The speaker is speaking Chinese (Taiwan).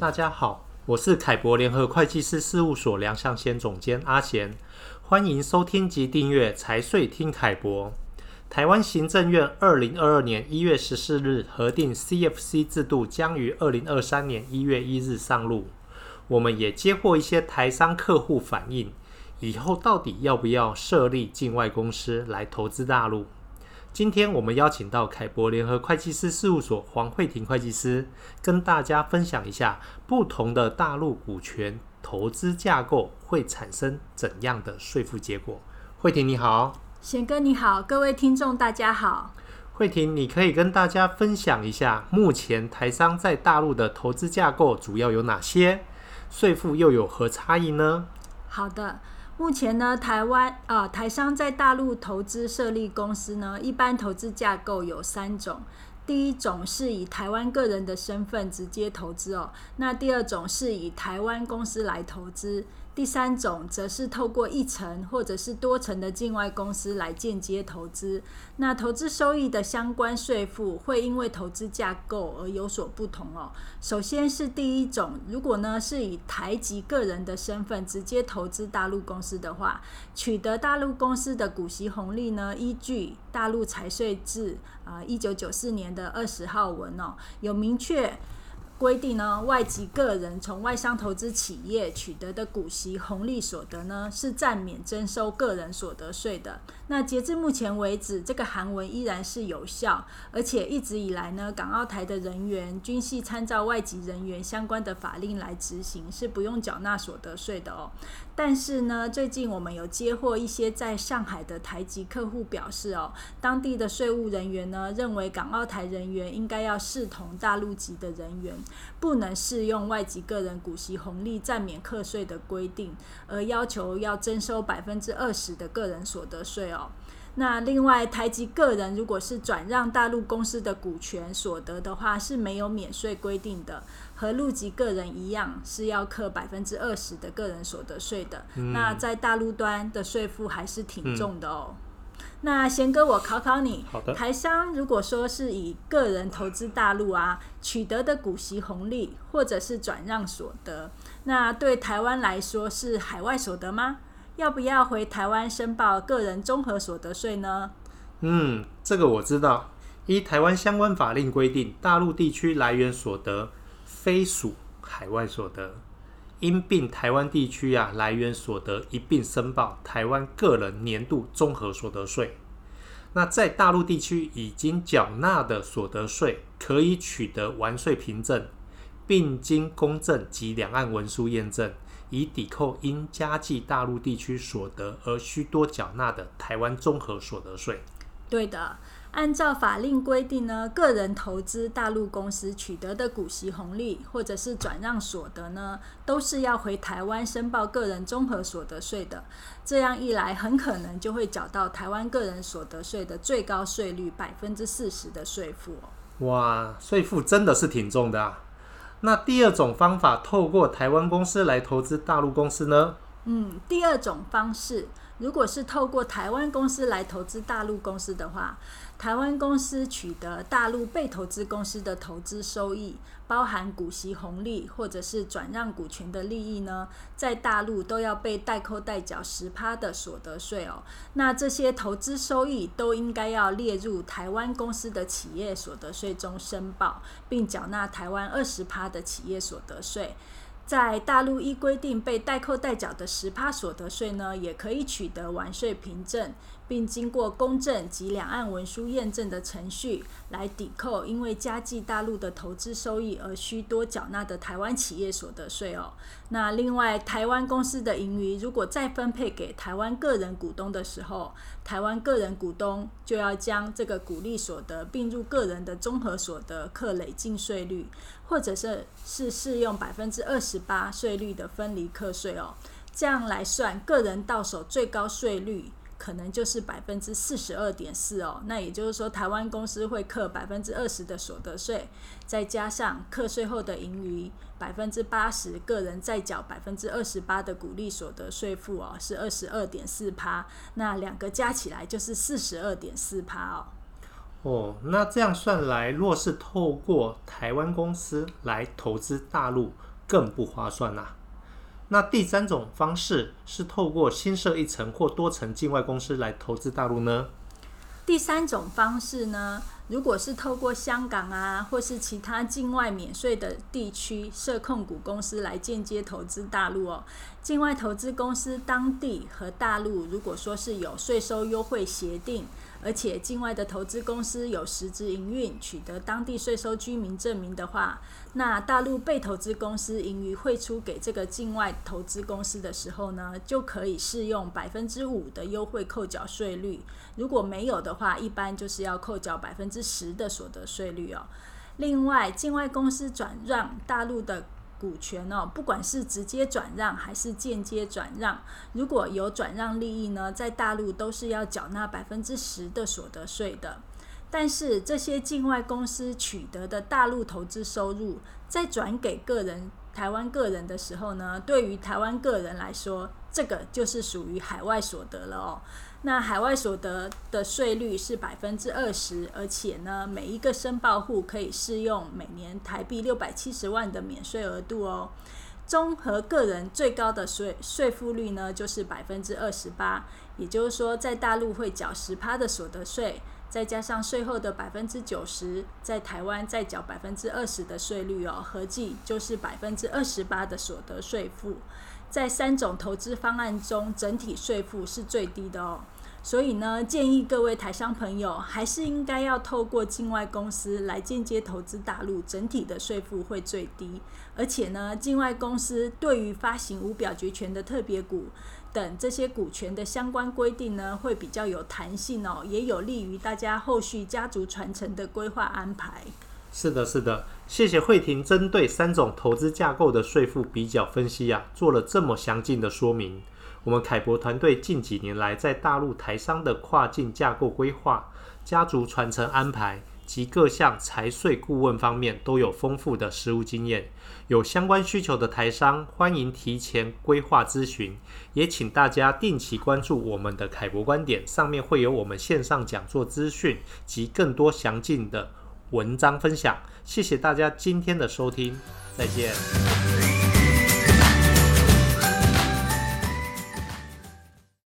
大家好，我是凱博聯合會計師事務所梁向賢總監阿賢，歡迎收聽及訂閱財稅聽凱博。台灣行政院二零二二年一月十四日核定 CFC 制度將於二零二三年一月一日上路。我們也接獲一些台商客戶反映，以後到底要不要設立境外公司來投資大陸？今天我們邀請到凱博聯合會計師事務所黃慧婷會計師，跟大家分享一下不同的大陸股權投資架構會產生怎樣的稅負結果。慧婷你好，賢哥你好，各位聽眾大家好。慧婷，你可以跟大家分享一下目前台商在大陸的投資架構主要有哪些？稅負又有何差異呢？好的。目前呢，台灣啊，台商在大陸投資設立公司呢，一般投資架構有三種。第一種是以台灣個人的身份直接投資哦，那第二種是以台灣公司來投資。第三種則是透過一層或者是多層的境外公司來間接投資，那投資收益的相關稅負會因為投資架構而有所不同哦。首先是第一種，如果呢是以台籍個人的身份直接投資大陸公司的話，取得大陸公司的股息紅利呢，依據大陸財稅制啊一九九四年的二十號文哦，有明確。規定呢，外籍個人從外商投資企業取得的股息紅利所得呢，是暫免徵收個人所得稅的。那截至目前為止，這個函文依然是有效，而且一直以來呢，港澳台的人員均係參照外籍人員相關的法令來執行，是不用繳納所得稅的哦。但是呢，最近我們有接獲一些在上海的台籍客戶表示哦，當地的稅務人員呢，認為港澳台人員應該要視同大陸籍的人員。不能適用外籍個人股息紅利暫免課稅的規定，而要求要徵收百分之二十的個人所得稅哦。那另外台籍個人如果是轉讓大陸公司的股權所得的話，是沒有免稅規定的，和陸籍個人一樣是要扣百分之二十的個人所得稅的。嗯。那在大陸端的稅負還是挺重的哦。嗯那賢哥，我考考你。嗯，好的。台商如果說是以個人投資大陸啊，取得的股息紅利或者是轉讓所得，那對台灣來說是海外所得嗎？要不要回台灣申報個人綜合所得稅呢？嗯，這個我知道。依台灣相關法令規定，大陸地區來源所得非屬海外所得。因併台灣地區啊來源所得一併申報台灣個人年度綜合所得稅。那在大陸地區已經繳納的所得稅，可以取得完稅憑證，並經公證及兩岸文書驗證，以抵扣因加計大陸地區所得而需多繳納的台灣綜合所得稅。對的。按照法令規定呢，個人投資大陸公司取得的股息紅利或者是轉讓所得呢，都是要回台灣申報個人綜合所得稅的。這樣一來，很可能就會繳到台灣個人所得稅的最高稅率百分之四十的稅負哦。哇，稅負真的是挺重的啊。那第二種方法，透過台灣公司來投資大陸公司呢？嗯，第二種方式。如果是透過台灣公司來投資大陸公司的話，台灣公司取得大陸被投資公司的投資收益，包含股息紅利或者是轉讓股權的利益呢，在大陸都要被代扣代繳十趴的所得稅哦。那這些投資收益都應該要列入台灣公司的企業所得稅中申報，並繳納台灣二十趴的企業所得稅。在大陸依規定被代扣代繳的十趴所得稅呢，也可以取得完稅憑證。並經過公證及兩岸文書驗證的程序，來抵扣因為加計大陸的投資收益，而需多繳納的台灣企業所得稅哦。那另外，台灣公司的盈餘如果再分配給台灣個人股東的時候，台灣個人股東就要將這個股利所得併入個人的綜合所得課累進稅率，或者是是適用百分之二十八稅率的分離課稅哦。這樣來算，個人到手最高稅率，可能就是百分之四十二點四哦，那也就是說，台灣公司會課百分之二十的所得稅，再加上課稅後的盈餘百分之八十，個人再繳百分之二十八的股利所得稅負哦，是二十二點四趴，那兩個加起來就是四十二點四趴哦。哦，那這樣算來，若是透過台灣公司來投資大陸，更不划算啦、啊。那第三種方式是透過新設一層或多層境外公司來投資大陸呢？第三種方式呢，如果是透過香港啊，或是其他境外免稅的地區設控股公司來間接投資大陸哦。境外投資公司當地和大陸如果說是有稅收優惠協定，而且境外的投資公司有實質營運，取得當地稅收居民證明的話，那大陸被投資公司盈餘匯出給這個境外投資公司的時候呢，就可以適用百分之五的優惠扣繳稅率。如果沒有的話，一般就是要扣繳百分之十的所得稅率哦。另外，境外公司轉讓大陸的。股權哦，不管是直接轉讓還是間接轉讓，如果有轉讓利益呢，在大陸都是要繳納百分之十的所得稅的。但是這些境外公司取得的大陸投資收入，在轉給個人台灣個人的時候呢，對於台灣個人來說，這個就是屬於海外所得了哦。那海外所得的稅率是百分之二十，而且呢，每一個申報戶可以適用每年台幣六百七十萬的免稅額度哦。綜合個人最高的稅稅負率呢，就是百分之二十八。也就是說，在大陸會繳十趴的所得稅，再加上稅後的百分之九十，在台灣再繳百分之二十的稅率哦，合計就是百分之二十八的所得稅負。在三種投資方案中，整體稅負是最低的哦。所以呢，建議各位台商朋友還是應該要透過境外公司來間接投資大陸，整體的稅負會最低。而且呢，境外公司對於發行無表決權的特別股等這些股權的相關規定呢，會比較有彈性哦，也有利於大家後續家族傳承的規劃安排。是的，是的，謝謝慧婷針對三種投資架構的稅負比較分析呀、啊，做了這麼詳盡的說明。我們凱博團隊近幾年來在大陸台商的跨境架構規劃、家族傳承安排及各項財稅顧問方面都有豐富的實務經驗。有相關需求的台商，歡迎提前規劃諮詢。也請大家定期關注我們的凱博觀點，上面會有我們線上講座資訊及更多詳盡的。文章分享，謝謝大家今天的收聽，再見。